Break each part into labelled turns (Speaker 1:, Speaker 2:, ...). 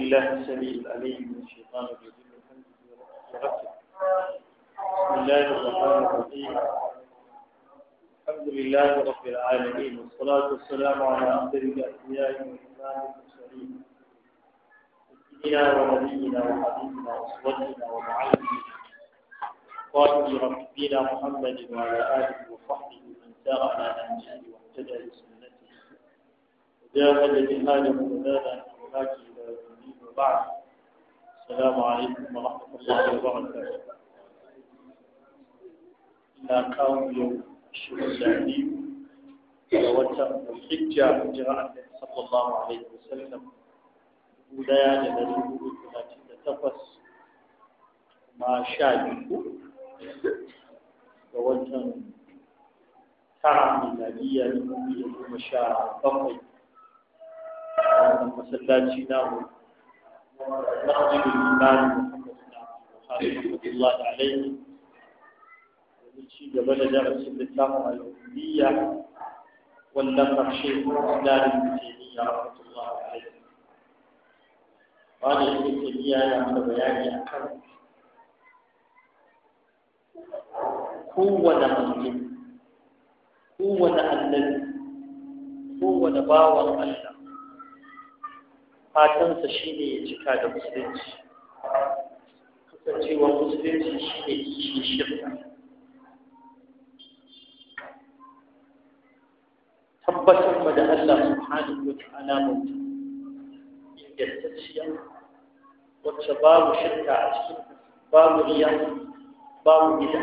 Speaker 1: بالله السميع العليم من الشيطان الرجيم الحمد لله بسم الله الرحمن الرحيم الحمد لله رب العالمين والصلاة والسلام على أفضل الأنبياء والإمام المرسلين سيدنا ونبينا وحبيبنا وأسوتنا ومعلمنا قائد ربنا محمد وعلى آله وصحبه من سار على نهجه واهتدى بسنته وجاهد جهاده وزاد عن حرماته بعد السلام عليكم ورحمة الله وبركاته إلى قوم يوم الشهر العليم ووتر الحجة من جراء صلى الله عليه وسلم ولاية يعني لنبوه ثلاثين تفس ما شايفه ووتر tara miladiya dubu biyu da goma sha bakwai نقضي بالإيمان رحمة الله عليه ونشي قبل درس الإسلام الأمية والنفر شيخ الإسلام ابن تيمية رحمة الله عليه قال ابن تيمية يعمل بيان أحكام kowane mutum kowane annabi kowane bawan fatansa shi ne ya cika da musulunci kasancewar musulunci shi ne kishi shirka tabbatar ma da Allah subhanahu wa ta'ala mutum ingantacciya wacce babu shirka a cikin babu riya babu gida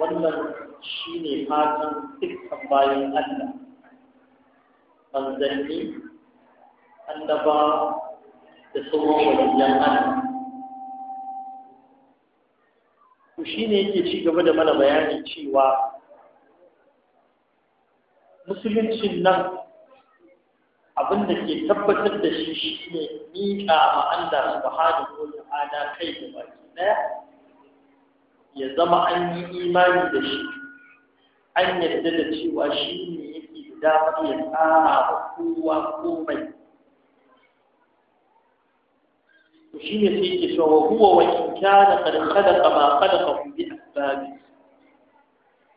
Speaker 1: wannan shi ne fatan dukkan bayan Allah manzanni annaba da sauran wajen Allah shi ne yake ci gaba da mana bayani cewa musuluncin nan abin da ke tabbatar da shi shi ne miƙa ma Allah subhanahu wa haɗa kai da baki ɗaya ya zama an yi imani da shi an yarda da cewa shi ne damar ya tsara wa kowa komai to shi ne sai yake cewa huwa wa in kana qad khalaqa ma khalaqahu bi asbabi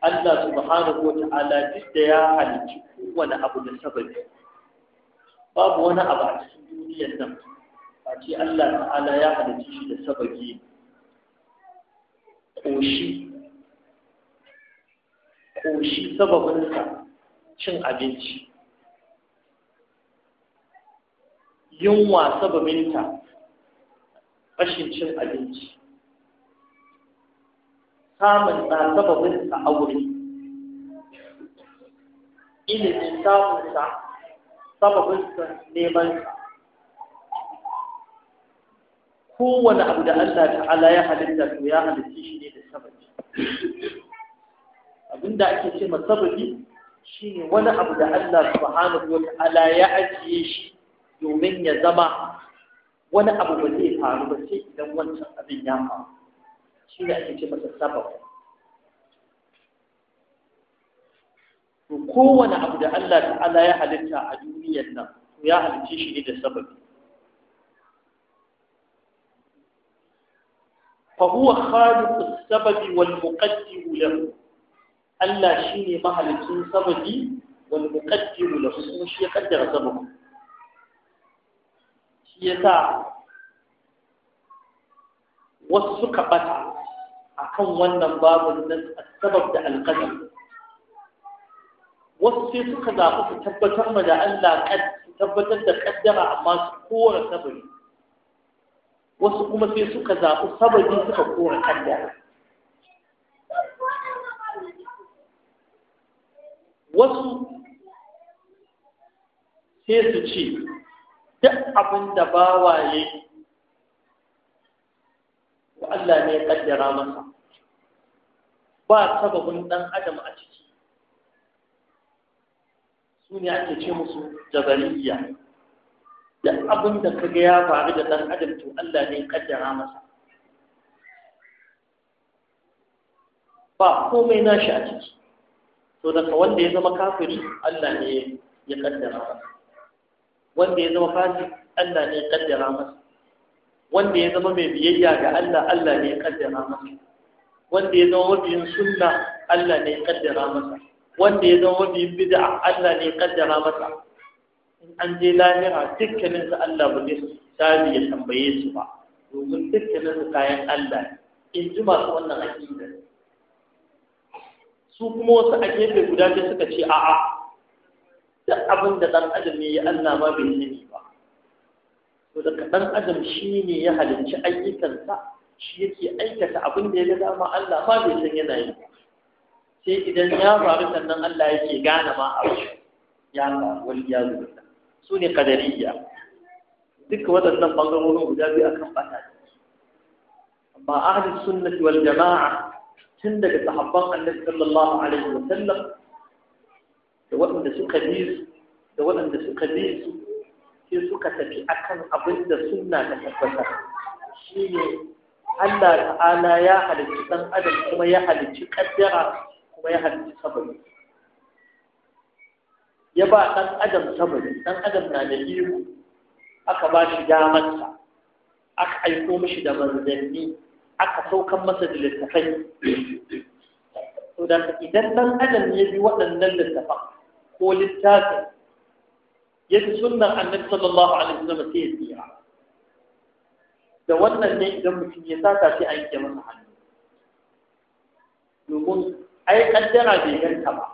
Speaker 1: Allah subhanahu wa ta'ala duk da ya halicci kowane abu da sababi babu wani abu a cikin duniyar nan a Allah ta'ala ya halicci shi da sababi ƙoshi ƙoshi sababinsa cin abinci yunwa sababinta rashin cin abinci samun ɗa a aure ilimin samunsa sababinsa neman kowane abu da Allah ta'ala ya halitta to ya halitta shi ne da sababi abinda ake ce ma sababi shi ne wani abu da Allah subhanahu wa ta'ala ya ajiye shi domin ya zama wani abu ba zai faru ba sai idan wancan abin ya faru shi ne ake ce masa sabab to kowane abu da Allah ta'ala ya halitta a duniyar nan to ya halitta shi ne da sababi as sababi wal والمقدر lahu Allah shi ne mahalicin sababi wal muqaddiru lahu kuma shi ya kaddara sababi shi yasa wasu suka bata kan wannan babun nan sabab da alqadar wasu sai suka zaɓi su tabbatar ma da Allah tabbatar da kaddara amma su kora sababi wasu kuma sai suka zaɓi sababi suka kora kaddara wasu sai su ce duk abin da ba waye Allah ne kaddara masa ba sababin ɗan adam a ciki su ne ake ce musu jabariya duk abin da kaga ya faru da ɗan adam to Allah ne kaddara masa ba komai nashi a ciki to daga wanda ya zama kafiri Allah ne ya kaddara masa wanda ya zama fasik Allah ne ya kaddara masa wanda ya zama mai biyayya ga Allah Allah ne ya kaddara masa wanda ya zama wajen sunna Allah ne ya kaddara masa wanda ya zama mabiyin bid'a Allah ne ya kaddara masa in an je lahira dukkanin su Allah ba zai sabi ya tambaye su ba domin dukkanin su kayan Allah in ji masu wannan aqida su kuma wasu a gefe guda ce suka ce a'a duk abin da ɗan adam ya yi Allah ma bai yi ba to daga ɗan adam shi ne ya halicci ayyukansa shi yake aikata abin da ya ga dama Allah ma bai san yana yi sai idan ya faru sannan Allah yake gane ma a ya faru wal ya zuwa su ne kadariya duka waɗannan bangarorin guda biyu akan bata amma ahlus sunnati wal jama'a tun daga sahabban annabi sallallahu alaihi wa sallam da waɗanda suka bi da waɗanda suka bi su sai suka tafi akan abin da sunna ta tabbata shine Allah ta'ala ya halicci dan adam kuma ya halicci kaddara kuma ya halicci sabari ya ba dan adam sabari dan adam na da iko aka ba shi damarsa aka aiko mishi da manzanni aka saukan masa da littafai to idan dan adam ya bi waɗannan littafan ko littafin ya ji sunnan annabi sallallahu alaihi wasallam sai ya tsira da wannan ne idan mutum ya sata sai a yanke masa hannu domin ai kaddara bai ganta ba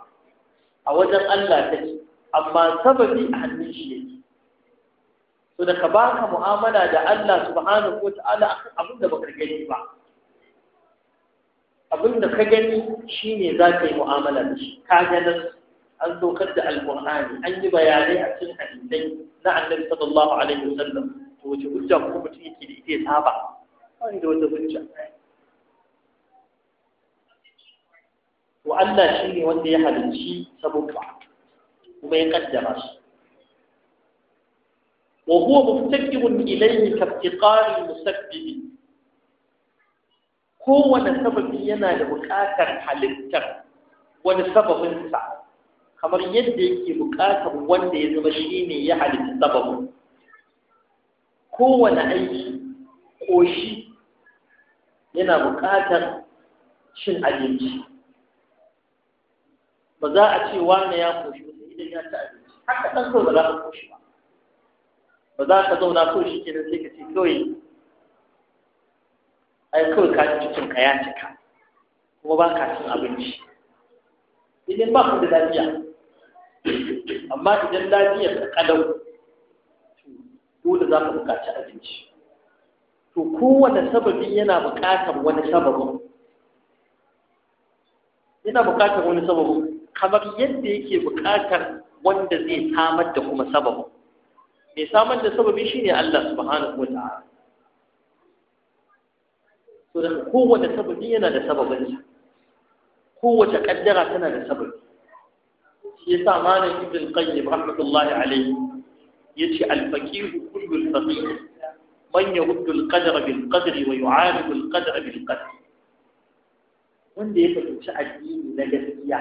Speaker 1: a wajen Allah ta ce. amma sababi a hannun shi yake to da ka baka mu'amala da Allah subhanahu wa ta'ala akan abin da baka gani ba abin da ka gani shine za ka yi mu'amala da shi ka ganin an dokar da alƙur'ani an yi bayanai a cikin hadisai na annabi sallallahu alaihi wasallam to wace hujja ko mutum yake da ita ya saba ba da wata hujja wa Allah shi ne wanda ya halicci saboda kuma ya kaddara shi wa huwa muftakirun ilayhi ka iftiqari musabbib kowane sababi yana da buƙatar halittar wani sababinsa kamar yadda yake buƙatar wanda ya zama shi ne ya halitta sababin kowane aiki ƙoshi yana buƙatar cin abinci ba za a ce wane ya ƙoshi ba idan ya ci abinci haka ɗan kawai ba za ka ƙoshi ba ba za ka zauna ko shi kenan sai ka ce kawai ai kawai ka ji cin ka ya cika kuma ba ka cin abinci idan ba ku da lafiya amma idan lafiya ka kadau dole za ka buƙaci abinci to kowane sababi yana buƙatar wani sababin yana buƙatar wani sababin kamar yadda yake buƙatar wanda zai samar da kuma sababin mai samar da sababi shine Allah subhanahu wa ta'ala so da kowace sababi yana da kowace kaddara tana da sababi shi yasa malam ibn qayyim rahmatullahi alayhi yace al-faqih kullu al-faqih man yurdu al-qadara bil qadri wa yu'aridu al-qadara bil qadri wanda ya fahimci addini na gaskiya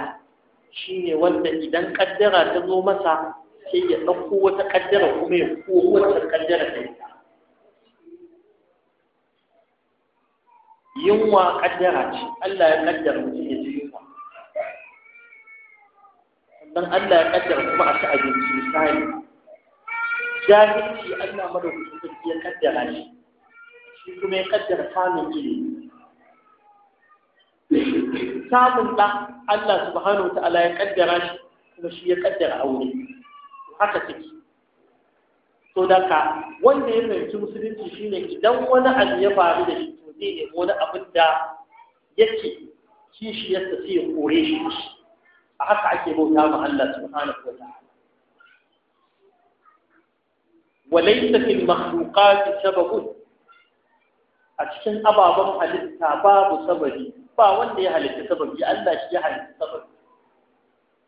Speaker 1: shine wanda idan kaddara ta zo masa sai ya ɗauko wata kaddara kuma ya ko kaddara ta ita yunwa kaddara ce Allah ya kaddara mutum ya ji yunwa dan Allah ya kaddara kuma a ci abinci misali jahilci Allah madaukakin sarki ya kaddara shi shi kuma ya kaddara samun ilimi samun ɗa Allah subhanahu wa ta'ala ya kaddara shi kuma shi ya kaddara aure haka take so daga wanda ya fahimci musulunci shine idan wani abu ya faru da shi to zai wani abin da yake kishi ya tafi ya kore shi shi, a haka ake bauta ma Allah subhanahu wa ta'ala وليس في المخلوقات سبب a cikin ababen halitta babu sababi ba wanda ya halitta sababi Allah shi ya halitta sababi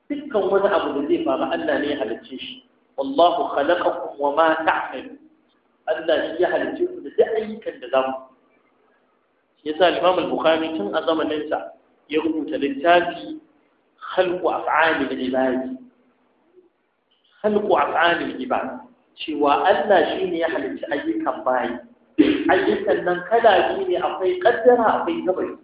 Speaker 1: dukkan wani abu da zai faru Allah ne ya halicce shi wallahu khalaqakum wa ma ta'malun Allah shi ya halicce ku da duk ayyukan da zamu yasa Imam al-Bukhari tun a zamanin sa ya rubuta littafi khalqu af'ali al-ibad khalqu af'ali al-ibad cewa Allah shi ne ya halicci ayyukan bayi ayyukan nan kala biyu ne akwai kaddara akwai tabari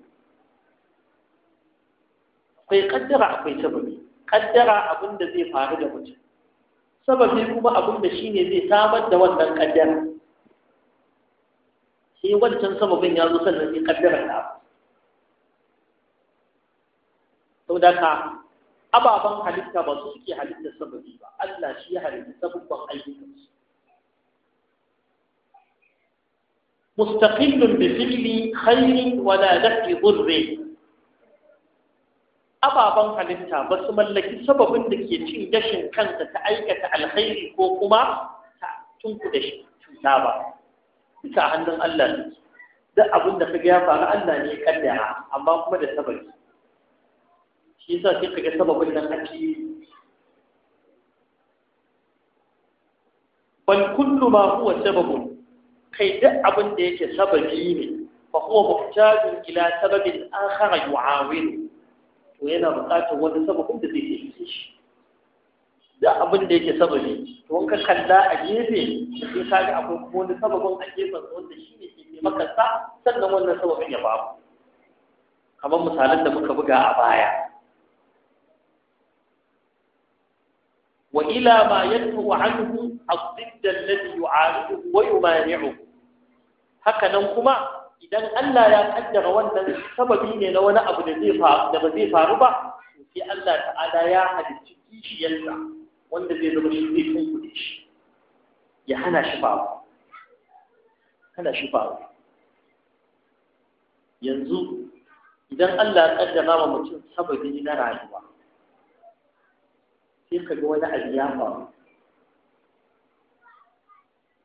Speaker 1: akwai kaddara akwai tabari kaddara abin da zai faru da mutum sababi kuma abin da shi ne zai samar da wannan kaddara shi wancan sababin ya zo sannan zai kaddara ta sau da ka ababen halitta ba su suke halitta sababi ba Allah shi ya halitta sababban ayyukansu مستقل بفعل خير ولا دفع gurbe. ababen halitta ba su mallaki sababin da ke cin gashin kansa ta aikata alkhairi ko kuma ta tunku da cuta ba duka hannun Allah ne duk abin da kaga ya faru Allah ne ya kaddara amma kuma da sababi shi yasa sai kaga sababin nan ake bal kullu ma huwa sababun kai duk abin da yake sababi ne fa huwa muhtajun ila sababin akhar yu'awinu to yana buƙatar wani sababin da zai taimake shi da abin da yake sababi to ka kalla a gefe sai ka ga akwai kuma wani sababin a gefen wanda shi ne ke taimakon sa sannan wannan sababin ya babu kamar misalan da muka buga a baya wa ila ma yadfu anhu ad-didd alladhi yu'aridu wa yumani'u haka nan kuma idan Allah ya kaddara wannan sababi ne na wani abu da zai faru da ba zai faru ba sai Allah ta'ala ya halicci kishiyarsa wanda zai zama shi zai tunkuɗe shi ya hana shi faru hana shi faru yanzu idan Allah ya kaddara wa mutum sababi na rayuwa sai ka ga wani abu ya faru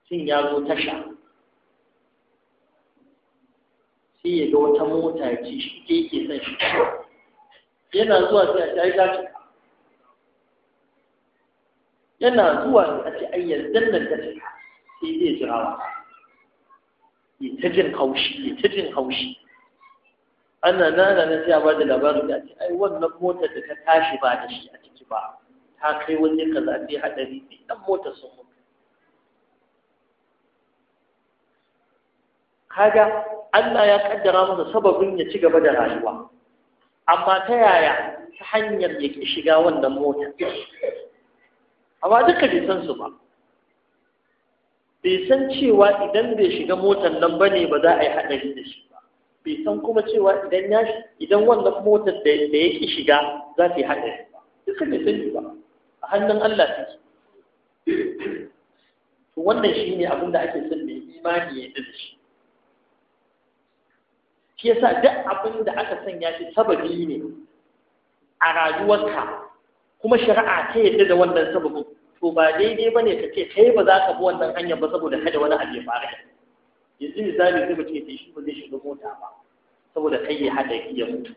Speaker 1: shin ya zo tasha sai ya ga wata mota ya ce shi ke yake son shi yana zuwa sai a ce ai yana zuwa a ce ai yanzu nan ta cika sai zai jira ba. ya ta jin haushi ya ta jin haushi ana nana na sai a bada labarin da ce ai wannan motar da ta tashi ba da shi a ciki ba ta kai wani kaza sai haɗari sai ɗan motar sun mutu kaga Allah ya kaddara masa sababin ya ci gaba da rayuwa amma ta yaya ta hanyar ya ki shiga wannan mota amma duka bai san su ba bai san cewa idan bai shiga motar nan bane ba za a yi hadari da shi ba bai san kuma cewa idan ya idan wannan motar da ya ki shiga za ta yi haɗari ba duka bai shi ba a hannun Allah ta ce. wannan shine abin da ake son mai imani ya yi da shi shi yasa duk abin da aka sanya shi sababi ne a rayuwarka kuma shari'a ta yadda da wannan sababi to ba daidai ba ne ka ce kai ba za ka bi wannan hanyar ba saboda kada wani abu ya faru yanzu misali sai mutum ya ce shi ba zai shiga mota ba saboda kai ya haɗa ya mutu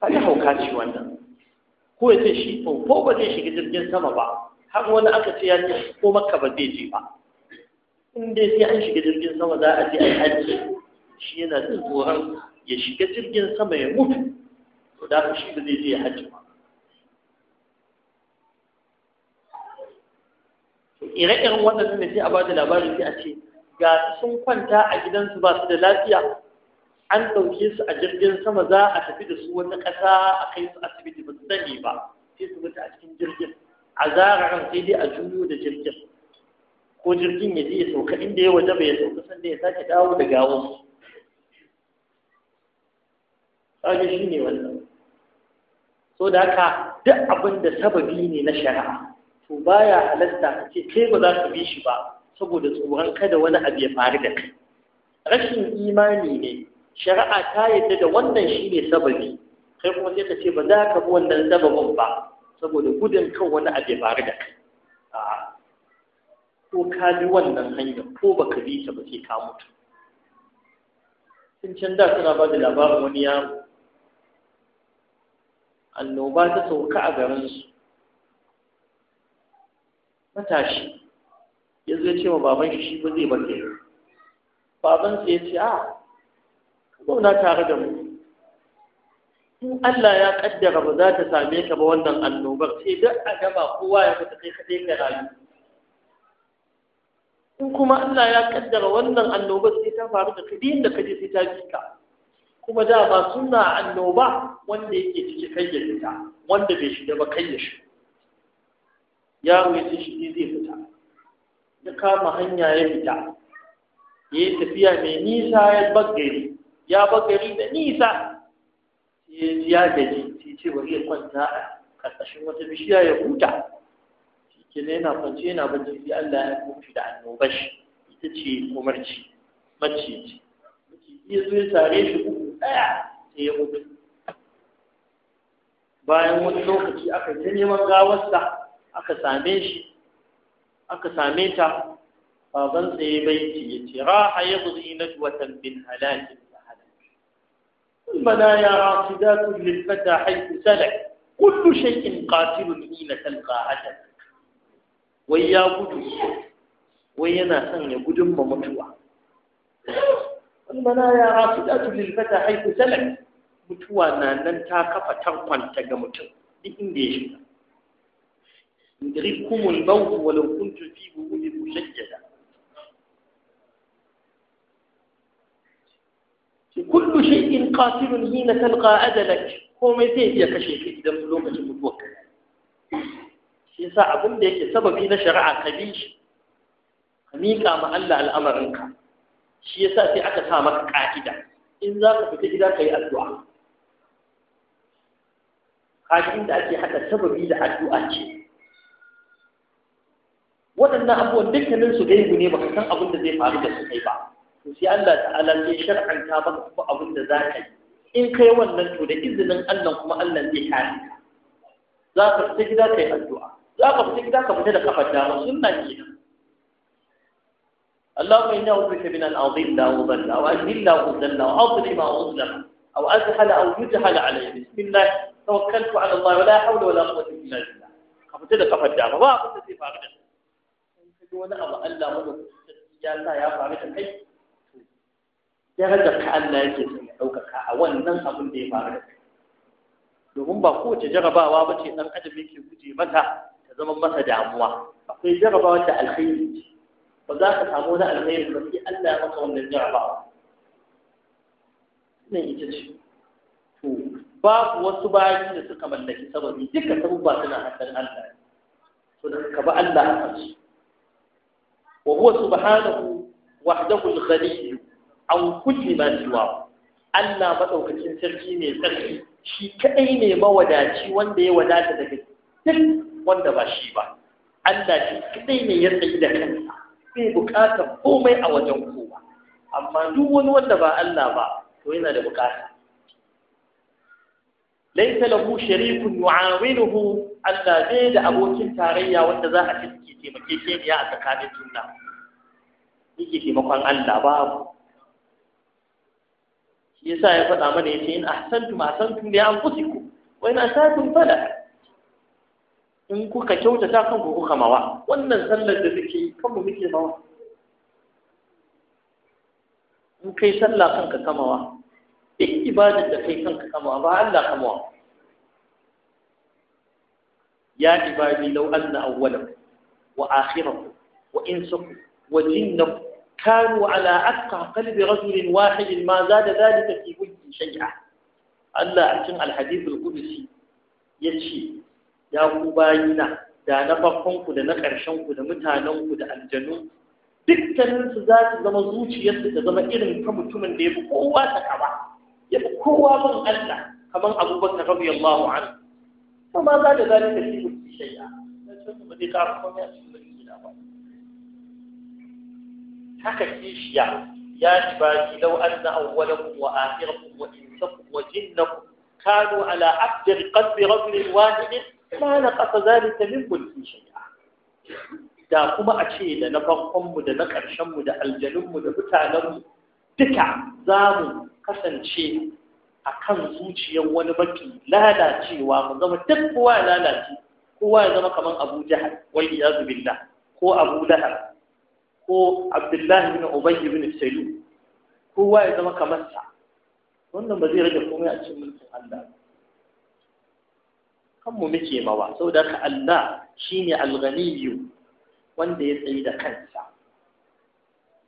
Speaker 1: kaga hauka ce wannan ko ya ce shi ko ba zai shiga jirgin sama ba har wani aka ce ya ce ko makka ba zai je ba in dai sai an shiga jirgin sama za a je a yi hajji shi yana jin tsoron ya shiga jirgin sama ya mutu to da shi ba zai je hajji ba ire-iren waɗannan ne sai a ba da labari sai a ce ga sun kwanta a gidansu ba su da lafiya an ɗauke su a jirgin sama za a tafi da su wata ƙasa a kai su asibiti ba su sani ba sai su mutu a cikin jirgin a zararan sai dai a juyo da jirgin ko jirgin ya je ya sauka inda ya waje bai sauka sanda ya sake dawo da su shi shine wannan so da haka duk abin da sababi ne na shari'a to baya halasta ka ce kai ba za ka bi shi ba saboda tsoron kada wani abu ya faru da kai rashin imani ne shari'a ta yadda da wannan shine sababi kai kuma sai ka ce ba za ka bi wannan sababin ba saboda gudun kan wani abu ya faru da kai ko ka bi wannan hanyar ko ba ka bi ta ba sai ka mutu Cincin da suna ba da labarin wani yaro annoba ta sauka a garinsu matashi ya zai ce wa baban shi shi ba zai bace baban sai ya ce a ah, ka zauna tare da mu in Allah ya kaddara ba za ta same ka ba wannan annobar sai duk a gaba kowa ya fita kai kaɗai ka rayu in kuma Allah ya kaddara wannan annobar sai ta faru da kadi da kaje sai ta bi ka kuma dama suna annoba wanda yake cike kai ya wanda bai shiga ba kai ya shiga yaro ya ce shi zai fita ya kama hanya ya fita ya yi tafiya mai nisa ya bagari ya bagari da nisa ya ji ya gaji sai ce bari ya kwanta a ƙarƙashin wata bishiya ya huta shi ke yana kwanci yana bacci sai Allah ya kuma shi da annobar shi ita ce umarci maciji maciji ya zo ya tare shi uku sai ya mutu bayan wani lokaci aka yi neman gawarsa aka same shi aka same ta baban sai baiti ya ce raha ya buzi na watan bin halakin da halaki bana ya rasu da su lilfata haiku salak kullu shakin katilun ina talqa hadan wai ya gudu wai yana son ya gudun ma mutuwa almanaya rafidatu lil ta haythu salak mutuwa na nan ta kafa tankwanta ga mutum duk inda ya shiga الموت ولو كنتم في بروج مشيدة كل شيء قاتل حين تلقى أدلك هو ما زيد يا كشيخ إذا ملوكة متوكل shi yasa abin da yake sababi na shari'a ka bi shi ka miƙa ma Allah al'amarinka shi ya sa sai aka sa maka ƙa'ida in za ka fita gida ka yi addu'a kafin da ake haɗa sababi da addu'a ce waɗannan abubuwan dukkanin su gaibu ne baka san abin da zai faru da su kai ba to sai Allah ta'ala zai shar'anta maka kuma abin da za ka yi in kai wannan to da izinin Allah kuma Allah zai kare ka za ka fita gida ka yi addu'a za ka fita gida ka fita da kafar dama sunna kenan اللهم إني أعوذ بك من أن أضل أو ضل أو أجهل أو أضل أو أظلم أو أظلم أو أجهل أو يجهل علي بسم الله توكلت على الله ولا حول ولا قوة إلا بالله أقول لك فجأة ما أقول لك فاقدة دون أضع ألا ملك جالنا يا فاقدة الحي darajar ka Allah yake son ya ɗaukaka a wannan abin da ya faru da kai domin ba kowace jarabawa ba ce ɗan adam yake guje mata ta zama masa damuwa akwai jarabawa ta alkhairi ba za ka samu na alheri ba sai Allah ya maka wannan jarabawa nan ita ce to babu wasu bayi da suka mallaki sababi duka ba suna hannun Allah to da ka ba Allah a kansu wa huwa subhanahu wahdahu al-ghani an kulli ma siwa Allah madaukakin sarki ne sarki shi kadai ne mawadaci wanda ya wadata daga duk wanda ba shi ba Allah shi kadai ne ya tsayi da kansa bai bukatar komai a wajen kowa amma duk wani wanda ba Allah ba to yana da bukata laysa lahu sharikun yu'awinuhu Allah bai da abokin tarayya wanda za a ciki taimake ya a tsakanin juna yake taimakon Allah babu shi yasa ya faɗa mana yace in ahsantum ahsantum li anfusikum wa in asatum fala in kuka kyautata kanku kuka mawa wannan sallar da suke yi kanmu muke mawa in kai sallah kanka kamawa duk ibadar da kai kanka kamawa ba Allah kamawa ya ibadi law anna awwalakum wa akhirakum wa insakum wa jinnakum كانوا على أتقى قلب رجل واحد ما زاد ذلك في وجه شيئا الله عشان الحديث القدسي يشي ya ku bayina da na bakkonku da na ƙarshenku da mutanenku da aljanu dukkaninsu za su zama zuciyarsu ta zama irin ta mutumin da ya fi kowa ta kaba ya fi kowa min Allah kamar abubakar rabi Allahu an kuma za da zalika fi mutu shay'a na cikin ba zai ƙara komai a cikin mulki gida ba haka kishiya ya ibadi law anna awwalakum wa akhirakum wa insakum wa jinnakum كانوا على عبد القلب رجل واحد kana na ƙasa zalika min mulki shay'a da kuma a ce da na farkonmu da na ƙarshenmu da aljanunmu da mutanenmu duka za mu kasance a kan zuciyar wani baki lalacewa mu zama duk kowa ya lalace kowa ya zama kamar abu jahal wal iyazu billah ko abu lahar ko abdullahi bin ubayy bin sayyid kowa ya zama kamar sa wannan ba zai rage komai a cikin mulkin Allah ba kanmu muke mawa saboda ka Allah shi al alganiyu wanda ya tsaye da kansa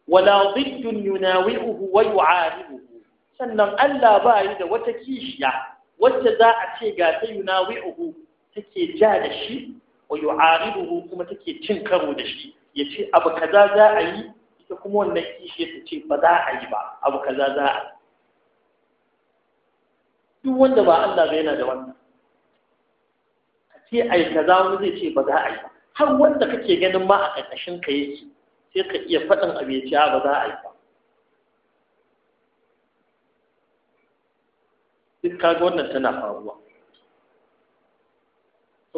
Speaker 1: wala ziddun yunawi'uhu wa yu'aribuhu sannan Allah ba yi da wata kishiya wacce za a ce ga ta yunawi'uhu take ja da shi wa yu'aribuhu kuma take cin karo da shi Ya ce abu kaza za a yi ita kuma wannan kishiya ta ce ba za a yi ba abu kaza za a yi duk wanda ba Allah ba yana da wannan sai a yi kaza wani zai ce ba za a yi ba har wanda kake ganin ma a ƙarƙashin ka yake sai ka iya faɗin abu ya ce ba za a yi ba duk ga wannan tana faruwa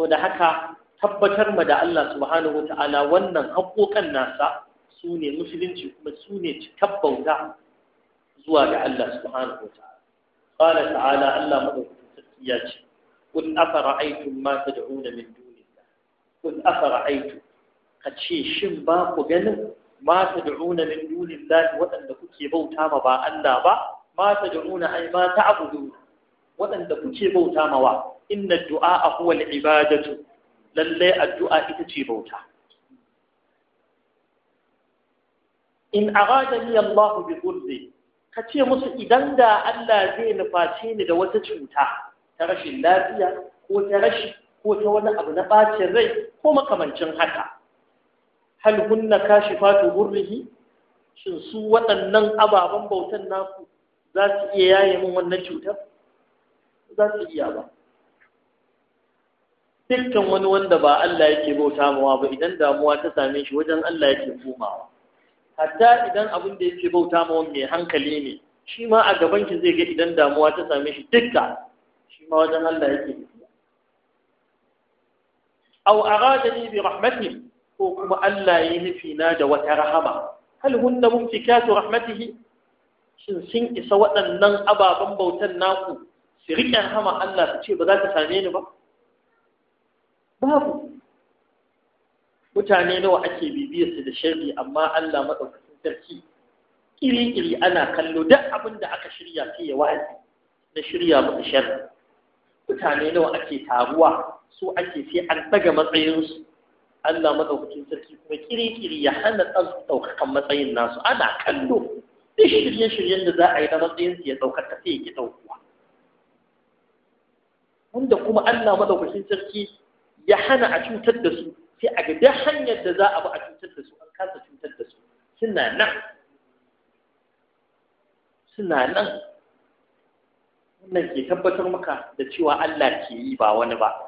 Speaker 1: da haka tabbatar ma da Allah subhanahu wata'ala wannan haƙoƙan nasa su ne musulunci kuma su ne cikar bauta zuwa ga Allah subhanahu wata'ala qala ta'ala Allah madaukakin sarki ya ce قل أفرأيتم ما تدعون من دون الله قل أفرأيتم kace shin ba ku ganin ma tad'una min dunillahi waɗanda kuke bauta ma ba Allah ba ma tad'una ay ma ta'budun waɗanda kuke bauta ma wa inna du'a huwa al-ibadatu lalle addu'a ita ce bauta in aradani Allah bi dhurri kace musu idan da Allah zai nuface ni da wata cuta ta rashin lafiya ko ta rashi ko ta wani abu na bacin rai ko makamancin haka hal hunna kashifatu burrihi shin su waɗannan ababen bautan naku za su iya yaye min wannan cutar za su iya ba dukkan wani wanda ba Allah yake bauta mawa ba idan damuwa ta same shi wajen Allah yake komawa hatta idan abin da yake bauta mawa mai hankali ne shi ma a gaban ki zai ga idan damuwa ta same shi dukka shi ma wajen Allah yake tafiya aw aradani bi rahmatihi ko kuma Allah ya nufi na da wata rahama hal hunna shin sun isa waɗannan ababen bautan naku su riƙe Allah su ce ba za ta same ni ba babu mutane nawa ake bibiyar su da sharri amma Allah madaukakin sarki kiri-kiri ana kallo duk abin da aka shirya sai ya na shirya musu sharri mutane nawa ake taruwa su ake sai an daga matsayinsu Allah madaukakin sarki kuma kirikiri ya hana ɗaukakan matsayin nasu ana kallo duk shirye-shiryen da za a yi na matsayinsu ya ɗaukar ta sai ya ɗaukuwa wanda kuma Allah madaukakin sarki ya hana a cutar da su sai a ga duk hanyar da za a bi a cutar da su an kasa cutar da su suna nan suna nan wannan ke tabbatar maka da cewa Allah ke yi ba wani ba